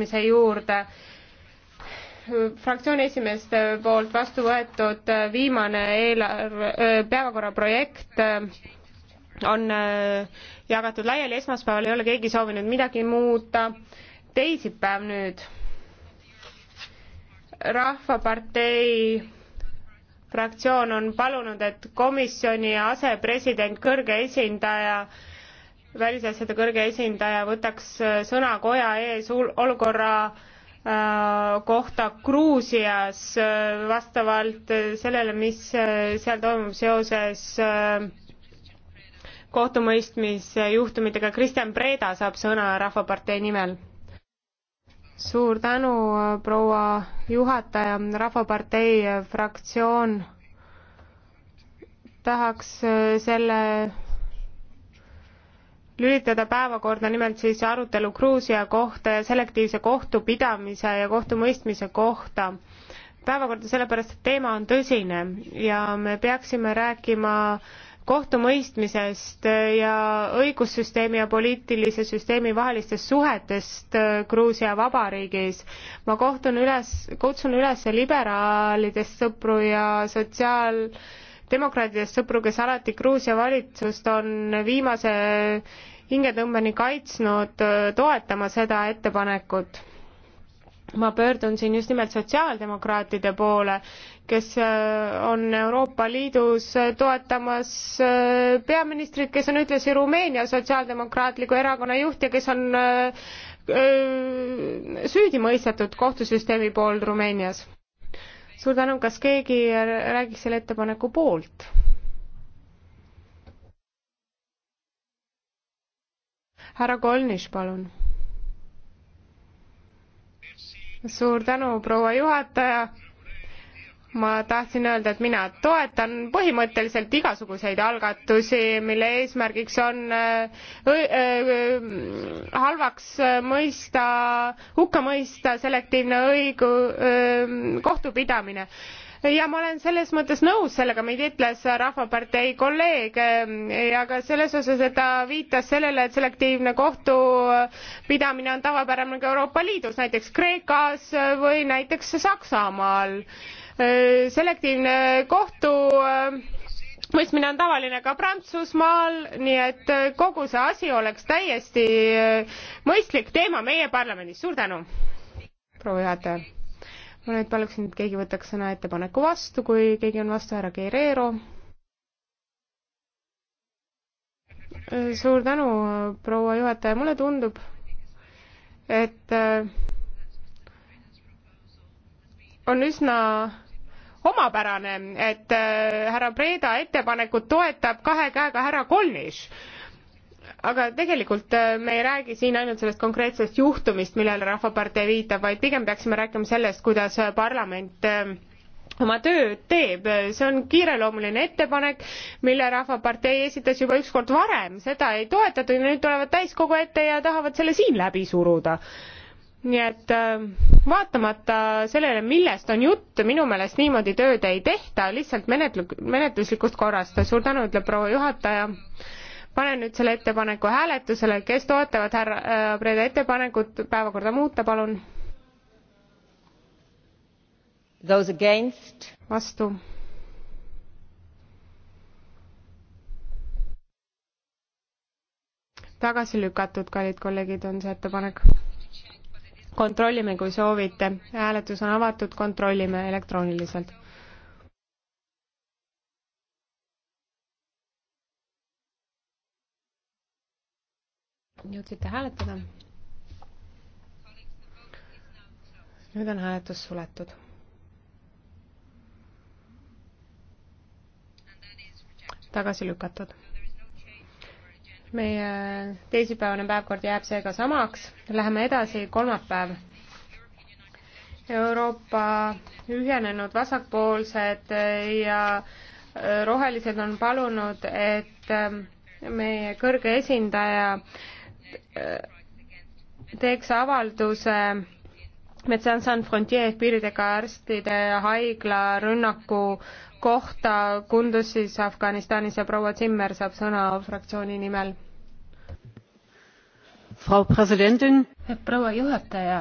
muutmise juurde fraktsiooni esimeeste poolt vastu võetud viimane eelarve, päevakorra projekt äh, on äh, jagatud laiali, esmaspäeval ei ole keegi soovinud midagi muuta. teisipäev nüüd. rahvapartei fraktsioon on palunud, et komisjoni asepresident, kõrge esindaja välisasjade kõrge esindaja võtaks äh, sõna koja ees olukorra äh, kohta Gruusias äh, vastavalt sellele, mis seal toimub seoses kohtumõistmisjuhtumitega. Kristjan Preda saab sõna Rahvapartei nimel. suur tänu, proua juhataja, Rahvapartei fraktsioon tahaks selle lülitada päevakorda nimelt siis arutelu Gruusia kohta ja selektiivse kohtupidamise ja kohtumõistmise kohta päevakorda sellepärast, et teema on tõsine ja me peaksime rääkima kohtumõistmisest ja õigussüsteemi ja poliitilise süsteemi vahelistest suhetest Gruusia Vabariigis. ma kohtun üles, kutsun üles liberaalidest sõpru ja sotsiaaldemokraatidest sõpru, kes alati Gruusia valitsust on viimase hingetõmbeni kaitsnud toetama seda ettepanekut. ma pöördun siin just nimelt sotsiaaldemokraatide poole, kes on Euroopa Liidus toetamas peaministrit, kes on ühtlasi Rumeenia Sotsiaaldemokraatliku Erakonna juht ja kes on süüdi mõistetud kohtusüsteemi poolt Rumeenias. suur tänu, kas keegi räägiks selle ettepaneku poolt? härra Kolnis, palun. suur tänu, proua juhataja. ma tahtsin öelda, et mina toetan põhimõtteliselt igasuguseid algatusi, mille eesmärgiks on äh, äh, äh, halvaks mõista, hukka mõista selektiivne õigu-, kohtupidamine ja ma olen selles mõttes nõus sellega, mida ütles Rahvapartei kolleeg ehm, ja ka selles osas, et ta viitas sellele, et selektiivne kohtupidamine on tavapärane ka Euroopa Liidus, näiteks Kreekas või näiteks Saksamaal. Ehm, selektiivne kohtu ehm, mõistmine on tavaline ka Prantsusmaal, nii et kogu see asi oleks täiesti mõistlik teema meie parlamendis. suur tänu, proua juhataja ma nüüd paluksin, et keegi võtaks sõna ettepaneku vastu, kui keegi on vastu, härra Guerrero. suur tänu, proua juhataja, mulle tundub, et äh, on üsna omapärane, et äh, härra Preda ettepanekut toetab kahe käega härra Kolnis aga tegelikult äh, me ei räägi siin ainult sellest konkreetsest juhtumist, millele Rahvapartei viitab, vaid pigem peaksime rääkima sellest, kuidas äh, parlament äh, oma tööd teeb, see on kiireloomuline ettepanek, mille Rahvapartei esitas juba ükskord varem, seda ei toetatud ja nüüd tulevad täiskogu ette ja tahavad selle siin läbi suruda nii et vaatamata sellele, millest on jutt, minu meelest niimoodi tööd ei tehta, lihtsalt menetlu-, menetluslikust korrast. suur tänu, ütleb proua juhataja panen nüüd selle ettepaneku hääletusele, kes toetavad härra äh, Breda ettepanekut päevakorda muuta, palun. Those against? vastu. tagasi lükatud, kallid kolleegid, on see ettepanek. kontrollime, kui soovite. hääletus on avatud, kontrollime elektrooniliselt. jõudsite hääletada? nüüd on hääletus suletud. tagasi lükatud. meie teisipäevane päevkord jääb seega samaks, läheme edasi, kolmapäev. Euroopa ühenenud vasakpoolsed ja äh, rohelised on palunud, et ähm, meie kõrge esindaja Äh, teeks avalduse Metsan San Frontier piiridega arstide haigla rünnaku kohta Kundusis Afganistanis ja proua Zimmer saab sõna fraktsiooni nimel. proua juhataja,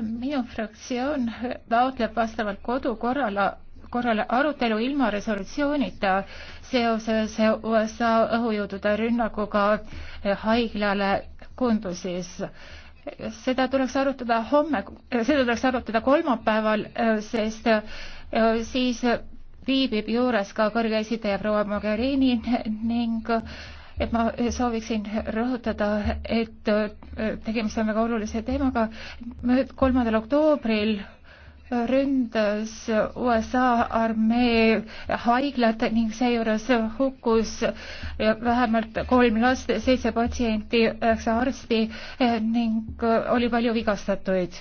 minu fraktsioon taotleb vastavalt kodukorrale korrale arutelu ilma resolutsioonita seoses USA õhujõudude rünnakuga haiglale Kundusis. seda tuleks arutada homme, seda tuleks arutada kolmapäeval, sest äh, siis viibib juures ka kõrge esindaja proua Mogherini ning et ma sooviksin rõhutada, et äh, tegemist on väga olulise teemaga. kolmandal oktoobril ründas USA armee haiglat ning seejuures hukkus vähemalt kolm last, seitse patsienti, üheksa arsti ning oli palju vigastatuid.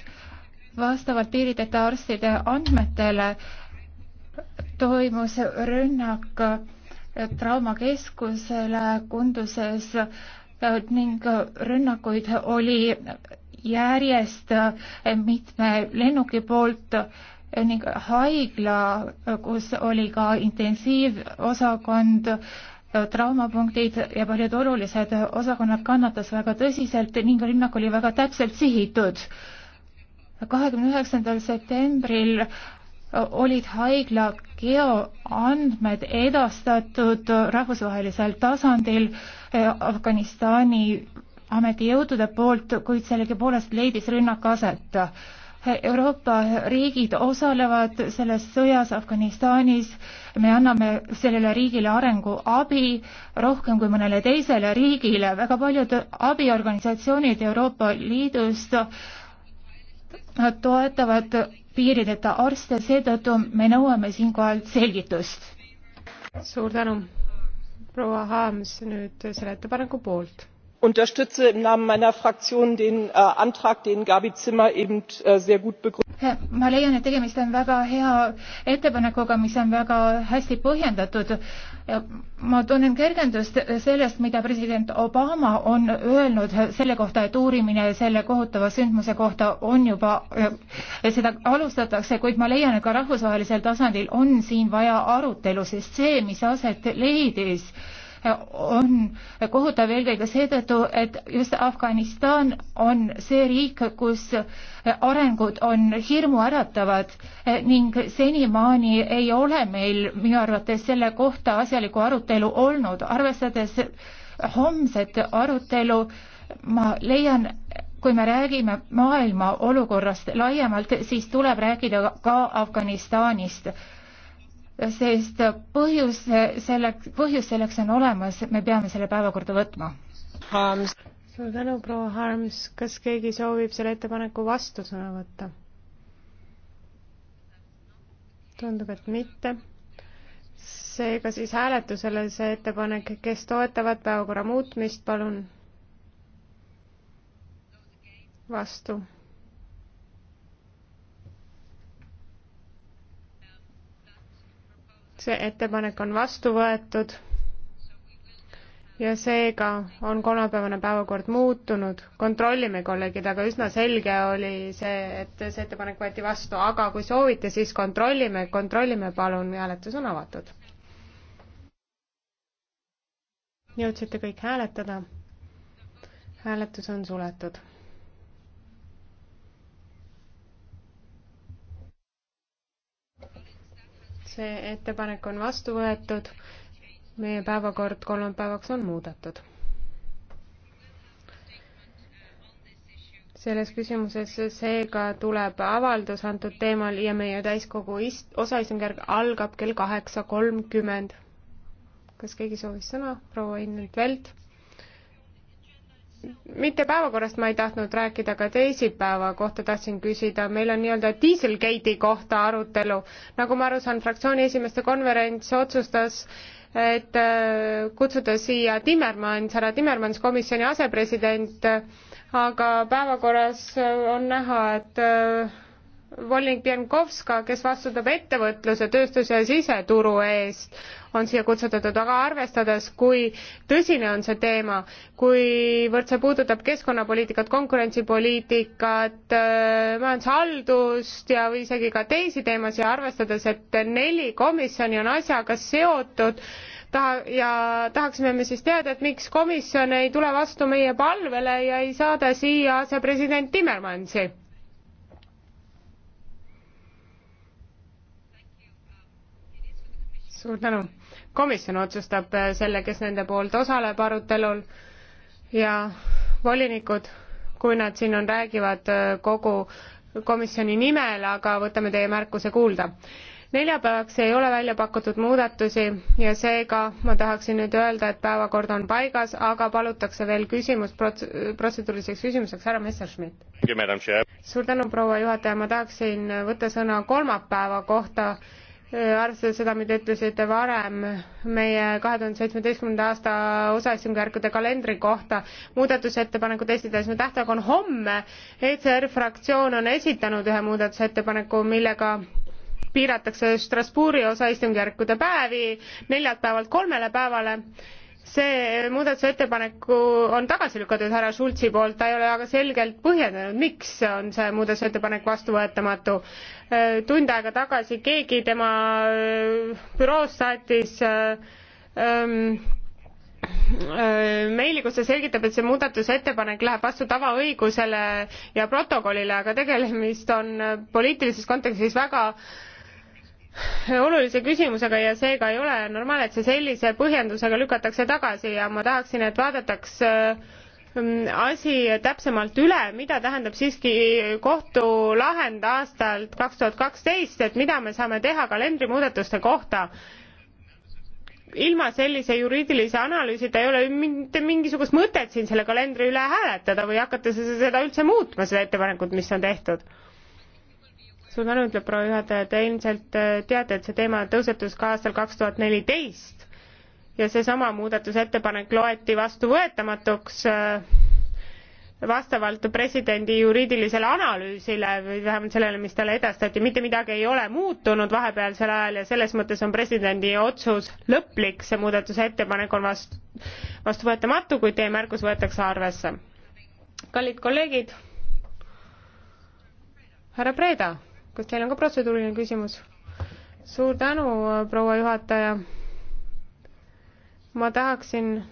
vastavalt piirideta arstide andmetele toimus rünnak traumakeskusele Kunduses ning rünnakuid oli järjest eh, mitme lennuki poolt eh, ning haigla, eh, kus oli ka intensiivosakond, traumapunktid ja paljud olulised osakonnad kannatas väga tõsiselt ning rünnak oli väga täpselt sihitud. kahekümne üheksandal septembril olid haigla geoandmed edastatud rahvusvahelisel tasandil Afganistani ametijõudude poolt, kuid sellegipoolest leidis rünnak aset. Euroopa riigid osalevad selles sõjas Afganistanis, me anname sellele riigile arenguabi rohkem kui mõnele teisele riigile, väga paljud abiorganisatsioonid Euroopa Liidust toetavad piirideta arste, seetõttu me nõuame siinkohal selgitust. suur tänu, proua Haams nüüd selle ettepaneku poolt unterstütze im namen meiner fraktion den äh, antrag den gabi zimmer eben äh, sehr gut begründet hat. ma leian et tegemist on väga hea ettepanekuga mis on väga hästi põhjendatud ma tunnen kergendust sellest mida president obama on öelnud selle kohta et uurimine selle kohutava sündmuse kohta on juba seda alustatakse kuid ma leian et ka rahvusvahelisel tasandil on siin vaja arutelu sest see mis aset leidis on kohutav eelkõige seetõttu, et just Afganistan on see riik, kus arengud on hirmuäratavad ning senimaani ei ole meil minu arvates selle kohta asjalikku arutelu olnud, arvestades homset arutelu ma leian, kui me räägime maailma olukorrast laiemalt, siis tuleb rääkida ka Afganistanist sest põhjus selleks, põhjus selleks on olemas, me peame selle päevakorda võtma. suur tänu, proua Harms, kas keegi soovib selle ettepaneku vastu sõna võtta? tundub, et mitte. seega siis hääletusele see ettepanek, kes toetavad päevakorra muutmist, palun. vastu see ettepanek on vastu võetud ja seega on kolmapäevane päevakord muutunud. kontrollime, kolleegid, aga üsna selge oli see, et see ettepanek võeti vastu, aga kui soovite, siis kontrollime, kontrollime palun, hääletus on avatud. jõudsite kõik hääletada? hääletus on suletud see ettepanek on vastu võetud. meie päevakord kolmapäevaks on muudetud. selles küsimuses seega tuleb avaldus antud teemal ja meie täiskogu ist-, osaistungjärg algab kell kaheksa kolmkümmend. kas keegi soovis sõna? proua Innelt Velt mitte päevakorrast ma ei tahtnud rääkida, aga teisipäeva kohta tahtsin küsida, meil on nii-öelda Dieselgate'i kohta arutelu. nagu ma aru saan, fraktsiooni esimeeste konverents otsustas, et äh, kutsuda siia Timmermans, härra Timmermans, komisjoni asepresident, aga päevakorras on näha, et äh, Volling Pienkovska, kes vastutab ettevõtluse, tööstuse ja siseturu eest, on siia kutsutatud, aga arvestades, kui tõsine on see teema, kuivõrd see puudutab keskkonnapoliitikat, konkurentsipoliitikat, äh, majandushaldust ja, või isegi ka teisi teemasid, arvestades, et neli komisjoni on asjaga seotud, taha- ja tahaksime me siis teada, et miks komisjon ei tule vastu meie palvele ja ei saada siia asepresident Timmermansi suur tänu. komisjon otsustab äh, selle, kes nende poolt osaleb arutelul ja volinikud, kui nad siin on, räägivad äh, kogu komisjoni nimel, aga võtame teie märkuse kuulda. neljapäevaks ei ole välja pakutud muudatusi ja seega ma tahaksin nüüd öelda, et päevakord on paigas, aga palutakse veel küsimus prots-, protseduuriliseks küsimuseks, härra Messerschmidt. suur tänu, proua juhataja, ma tahaksin võtta sõna kolmapäeva kohta arvestades seda, mida ütlesite varem meie kahe tuhande seitsmeteistkümnenda aasta osaistungjärkude kalendri kohta, muudatusettepanekud esitades, me tähtaeg on homme, ECR fraktsioon on esitanud ühe muudatusettepaneku, millega piiratakse Strasbourgi osaistungjärkude päevi neljalt päevalt kolmele päevale see muudatusettepaneku on tagasi lükatud härra Schultzi poolt, ta ei ole aga selgelt põhjendanud, miks on see muudatusettepanek vastuvõetamatu. tund aega tagasi keegi tema äh, büroost saatis äh, ähm, äh, meili, kus ta selgitab, et see muudatusettepanek läheb vastu tavaõigusele ja protokollile, aga tegemist on poliitilises kontekstis väga äh, olulise küsimusega ja seega ei ole normaalne, et see sellise põhjendusega lükatakse tagasi ja ma tahaksin, et vaadataks äh, asi täpsemalt üle, mida tähendab siiski kohtulahend aastalt kaks tuhat kaksteist, et mida me saame teha kalendrimuudatuste kohta. ilma sellise juriidilise analüüsita ei ole mitte mingisugust mõtet siin selle kalendri üle hääletada või hakata seda üldse muutma, seda ettepanekut, mis on tehtud suur tänu, ütleb proua juhataja, te ilmselt äh, teate, et see teema tõusetus ka aastal kaks tuhat neliteist ja seesama muudatusettepanek loeti vastuvõetamatuks äh, vastavalt presidendi juriidilisele analüüsile või vähemalt sellele, mis talle edastati, mitte midagi ei ole muutunud vahepealsel ajal ja selles mõttes on presidendi otsus lõplik, see muudatusettepanek on vastu, vastuvõetamatu, kuid teie märkus võetakse arvesse. kallid kolleegid, härra Preda kas teil on ka protseduuriline küsimus? suur tänu, proua juhataja. ma tahaksin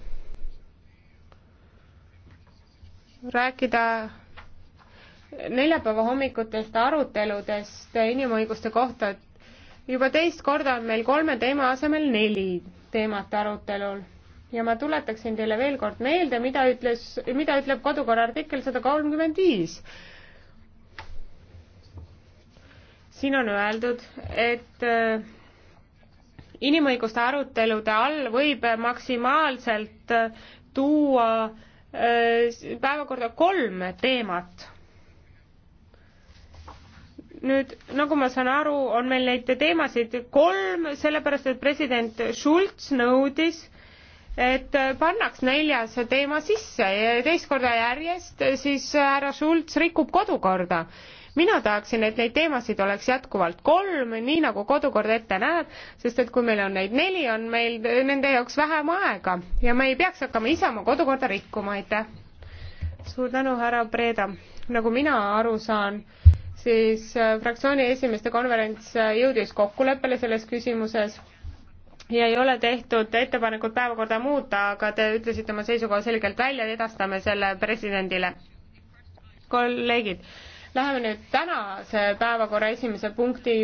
rääkida neljapäeva hommikutest aruteludest inimõiguste kohta. juba teist korda on meil kolme teema asemel neli teemat arutelul ja ma tuletaksin teile veel kord meelde, mida ütles, mida ütleb kodukorra artikkel sada kolmkümmend viis siin on öeldud, et äh, inimõiguste arutelude all võib maksimaalselt äh, tuua äh, päevakorda kolm teemat. nüüd, nagu ma saan aru, on meil neid teemasid kolm, sellepärast et president Schulz nõudis, et pannaks neljas teema sisse ja teist korda järjest siis härra Schulz rikub kodukorda mina tahaksin, et neid teemasid oleks jätkuvalt kolm, nii nagu kodukord ette näeb, sest et kui meil on neid neli, on meil nende jaoks vähem aega ja me ei peaks hakkama ise oma kodukorda rikkuma, aitäh. suur tänu, härra Breda. nagu mina aru saan, siis äh, fraktsiooni esimeeste konverents äh, jõudis kokkuleppele selles küsimuses ja ei ole tehtud ettepanekut päevakorda muuta, aga te ütlesite oma seisukoha selgelt välja, edastame selle presidendile. kolleegid Läheme nüüd tänase päevakorra esimese punkti